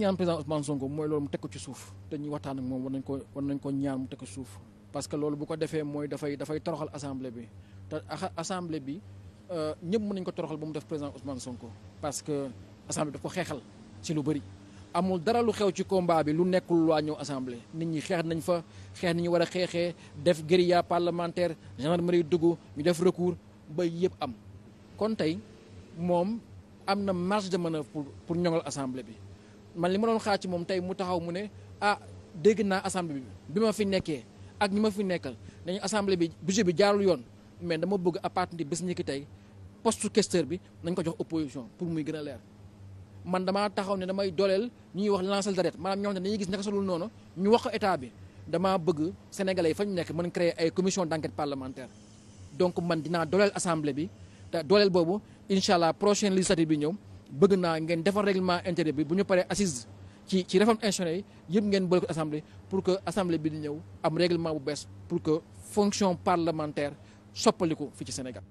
ñaan président Ousmane Sonko mooy loolu mu teg ko ci suuf te ñuy waxtaan ak moom war nañ ko war nañ ko ñaan mu teg ko ci suuf parce que loolu bu ko defee mooy dafay dafay toroxal assemblée bi te assemblée bi euh, ñëpp mën nañ ko toroxal ba mu def président Ousmane Sonko parce que assemblée daf ko xeexal ci lu bëri amul dara lu xew ci combat bi lu nekkul loi ñëw assemble nit ñi xeex nañ fa xeex ni ñu war a xeexee def guérilla parlementaire gendarmerie dugg ñu def recours ba yëpp am kon tey moom am na marge de pour pour ñoŋal assemblée bi man li ma doon xaar ci moom tey mu taxaw mu ne ah dégg naa assemblée bi bi ma fi nekkee ak ñi ma fi nekkal dañu assemblée bi budget bi jaarul yoon mais dama bëgg à partir de bés ñi ki tey poste questeur bi nañ ko jox opposition pour muy gën leer man damaa taxaw ne damay dooleel ñuy wax lancer d'alerte maanaam ñoo xam ne dañuy gis naka solul noonu ñu wax état bi damaa bëgg sénégalais yi fa ñu nekk mën créer ay commission d'enquête parlementaire donc man dinaa dooleel assemblée bi te dooleel boobu incha allah prochaine législative bi ñëw bëgg naa ngeen defar règlement intérieur bi bu ñu paree assise ci ci réforme institutionnelle yi yëpp ngeen boole ko pour que assemblée bi di ñëw am règlement bu bees pour que fonction parlementaire soppaliku fi ci Sénégal